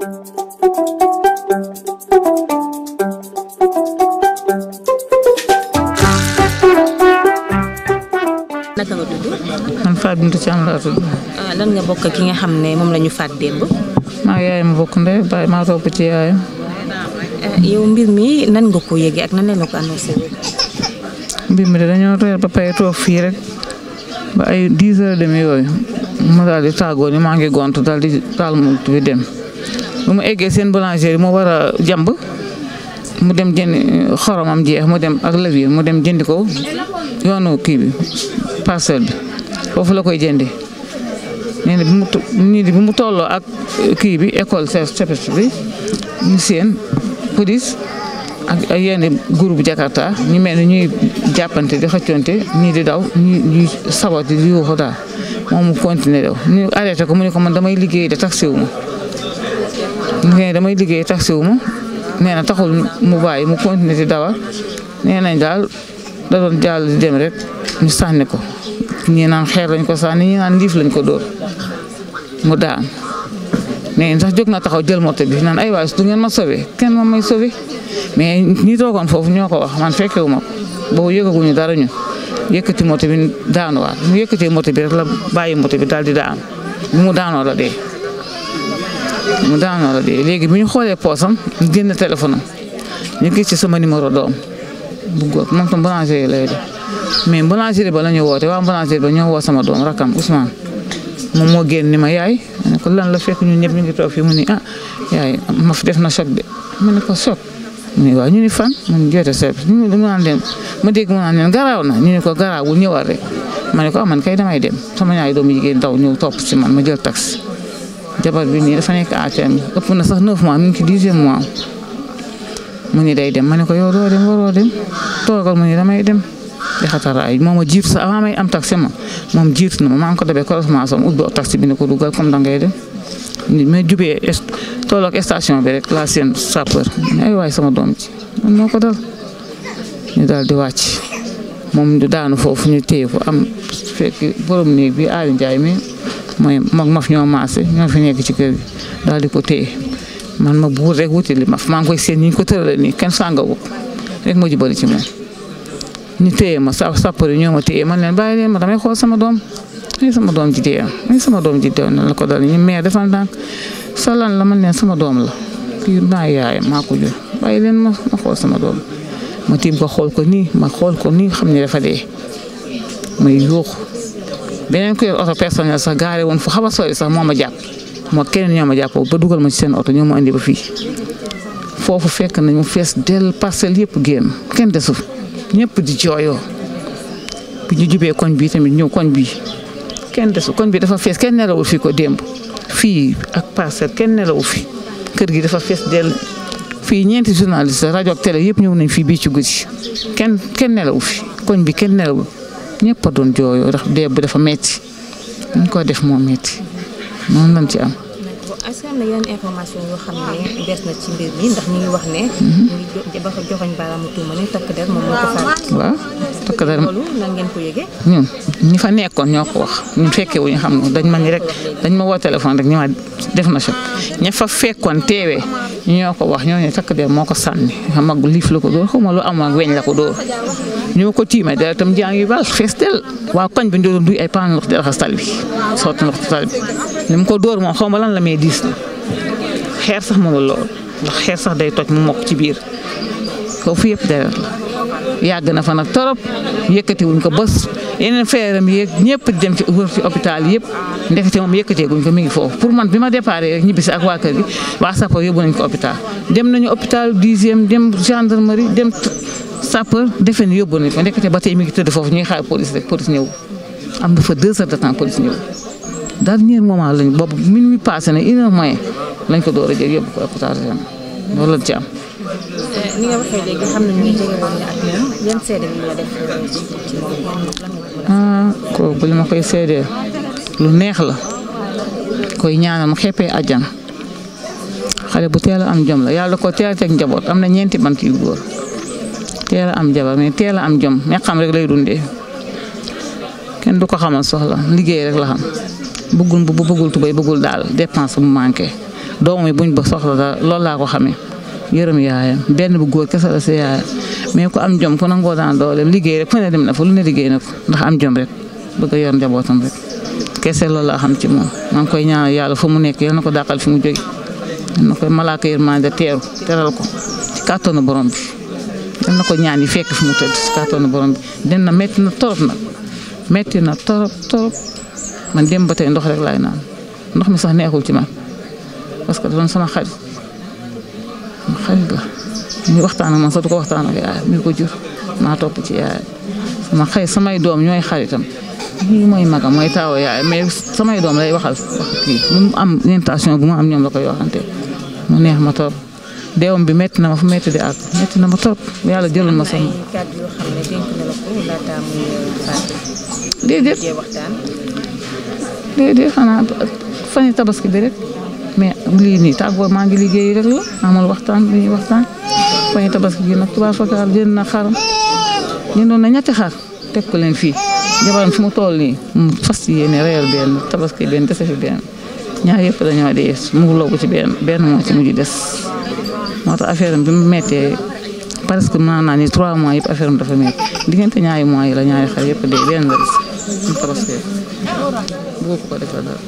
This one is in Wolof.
naka nga tudd. man Fatou Bintou Thiam laa tudd. Ah, lan nga bokk ki nga xam ne moom la ñu faat démb. maa yaayam bokk ndey baay maa topp ci yaayam. Eh, yow mbir mi nan nga ko yëgee ak nan la ko annoncé. mbir mi de dañoo reer ba toog fii rek ba ay dix heures demi yooyu mu daal di maa ngi gont daal di taal mu bi dem. bu mu eggee seen boulangerie moo war a jàmb mu dem jënd euh, xoromam jeex mu dem ak lawiir mu dem jënd ko yoonu kii bi parcelle bi foofu la koy jëndi nee na bi mu nii bi mu tolloo ak kii bi école CEPES bi ñu seen police ak ay yenn groupe Jakarta ñu mel ni ñuy jàppante di xëccoonte ñii di daw ñii ñuy sabati di yuuxu daal moom mu continué daw ñu arrêté ko mu ne ko man damay liggéey de taxi wu ma nee damay liggéey taxi wu ma nee na taxul mu bàyyi mu continuer di dawal nee nañ daal da doon jàll di dem rek ñu sànni ko ñii naan xeer lañ ko sànni ñii naan liif lañ ko dóor mu daan mais sax jóg na taxaw jël moto bi naan ay waay du ngeen ma sauvé kenn ma may sauvé mais ñi toogoon foofu ñoo ko wax man fekkewu ma ko boobu yëgaguñu dara ñu yëkkati moto bi daanuwaat mu yëkkatee moto bi rek la bàyyi moto bi daal di daan mu daanoo la dee. mu daanoo la léegi bi ñu xoolee poosam ñu génn téléphone ñu gis ci sama numéro doom bu góor moom tam boulangerie lay def mais boulangerie ba la ñu woote waa boulangerie ba ñoo woo sama doom rakam Ousmane moo génn ni ma yaay ma lan la fekk ñun ñëpp ñu ngi toog fii mu ni ah yaay ma def na choc de ma ne ko choc mu waaw ñu ni fan man jooyte service ñu ne ma ma dégg mu naan garaaw na ñu ne ko garaawul ñëwaat rek ma ne ko ah, man kay damay dem sama ñaari doomu jigéen taw ñëw topp si man ma jël taxi. jabar bi nii dafa nekk ATM ëpp na sax 9 mois ngi ci dixième mu ni day dem ma ne ko yow doo dem waroo dem toogal mu ni damay dem jaxatara ay moom a jiitu sax avant may am taxi ma moom jiitu na ma ko dabee correspondance am ubbi bi ko dugal comme da ngay dem mais jubee tolloog station bi rek laa seen sapeur ay waay sama doom ci ko dal ñu daal di wàcc moom du daanu foofu ñu téye ko am fekk borom néeg bi Aliou Ndiaye mi mooy mag maf ñoo maase ñoo fi nekk ci kër gi daal di ko téye man ma buur rek wuti li maf maa koy seen ni ko tëralee nii kenn sàngawu rek moo jubali ci moom. ñu téye ma sa sàppari ñoo ma téye ma leen bàyyi leen ma damay xool sama doom sama doom ji sama doom ji na la ko dal mais defal ndànk sa lan la man leen sama doom la kii maa yaay maa ko jur bàyyi leen ma ma xool sama doom ma tiim ko xool ko nii ma xool ko nii xam ne dafa dee may yuuxu beneen ku yor oto personnel sax gaare woon fo xaw a sori sax moo ma jàpp moo keneen ñoo ma jàppoo ba dugal ma ci seen oto ñoo ma indi ba fii foofu fekk nañu mu fees del parcelle yëpp génn kenn desul ñëpp di jooyoo bi ñu jubee koñ bii tamit ñëw koñ bi kenn desul koñ bi dafa fees kenn nelawul fi ko démb fii ak parcelle kenn nelawul fi kër gi dafa fees del fii ñeenti journaliste rajo ak télé yëpp ñëw nañ fii bii ci guddi kenn kenn nelawu fi koñ bi kenn nelawul ñëpp a doon jooyoo ndax dee bi dafa metti ñu ko def moo metti noonu lañ ci am. d'accord est-ce que am na yeneen information yoo xam ne des na ci mbir ñu wax ne. ñu ngi ba joxoñ baaraamu tuuma ni takk der moom waaw takk der loolu ngeen ko yëgee. ñun ñi fa nekkoon ñoo ko wax ñun fekke wu ñu xam dañ ma ni rek dañ ma woo téléphone rek ñu ma def na choc ña fa fekkoon teewee ñoo ko wax ñoo ne takk der moo ko sànni xam nga liif la ko dóor xaw weñ la ko dóor ñu ma ko tiima dara tam jaa ngi bal fees del waa koñ bi ñu duy ay paan ndox di raxas tal bi sotti ndox tal bi ni ko dóor moom xaw ma la may diis na xeer sax mënul lool xeer sax day toj mu mokk ci biir kaw fi yëpp deret la na fa nag torop wuñ ko bés yeneen feeram yéeg ñëpp di dem ci wër ci yëpp ndekete moom yëkkateeguñ ko mi ngi foofu pour man bi ma déparé rek ñibbisi ak waa kër gi waa sapeur yóbbu nañ ko hôpital dem nañu hôpital dixième dem gendarmerie dem sapeur defe ni yóbbu nañ ko ndekete ba tey mi tëdd foofu ñuy xaar police rek police ñëw am na fa deux heures de temps police ñëw dernier moment lañ boobu minuit passé na une lañ ko door a jël yóbbu ci am. ni ah, koy seedee lu neex la koy ñaanal mu xeppee àjjana xale bu teel a am jom la yàlla ko teel a teg njaboot am na ñeenti bant yu góor teel am jabar mais teel a am jom ñax xam rek lay dundee kenn du ko xamal soxla liggéey rek la xam. bëggul bu bëggul tubay bëggul daal dépense bu manqué doom yi buñ ba soxla la loolu ko xamee yërëm yaayam benn bu góor kese la si yaayam mais ku am jom ku nangoo daan dooleem liggéey rek fu ne dem na fa lu ne liggéey na ko ndax am jom rek bëgg a yor njabootam rek maa ngi koy ñaanal yàlla fu mu nekk ko dàqal fi mu jóge yal na koy malaaka yërmande teeru teral ko ci kàttanu borom bi yal na ko ñaan yi fekk fi mu tëdd ci kàttanu borom bi dina metti na torop nag metti na torop torop man dem ba te ndox rek lay naan ndox mi sax neexul ci man parce que doon sama xarit ma xarit la waxtaan ma man sax ko waxtaan ak yaayam mi ko jur ci yaayam samay doom ñooy xaritam lii mooy magam mooy taawa yaayam mais samay doom lay waxal wax mu am intention bu mu am ñoom la koy waxante mu neex ma torop deewam bi métti na ma fu métti di àgg métti na ma torop yàlla jëlal ma sama déedéet déedéet xanaa fani tabaski bi rek mais lii nii taagoor maa ngi liggéey rek la amul waxtaan li ñuy waxtaan fani tabaski bi nag tubaab fakkaar jënd na xar jëndoon na ñetti xar teg ko leen fii jabaram fi mu toll nii mu fas yéene reyal benn tabaski benn dese fi benn ñaar yëpp dañoo dee mu loogu ci benn benn moo ci mujj des moo tax affaire bi mu méttee presque mën naa ni trois mois yëpp affaire bi dafa métti diggante ñaari mois yi la ñaari xar yëpp dee benn la am tabaski bu ko defee dara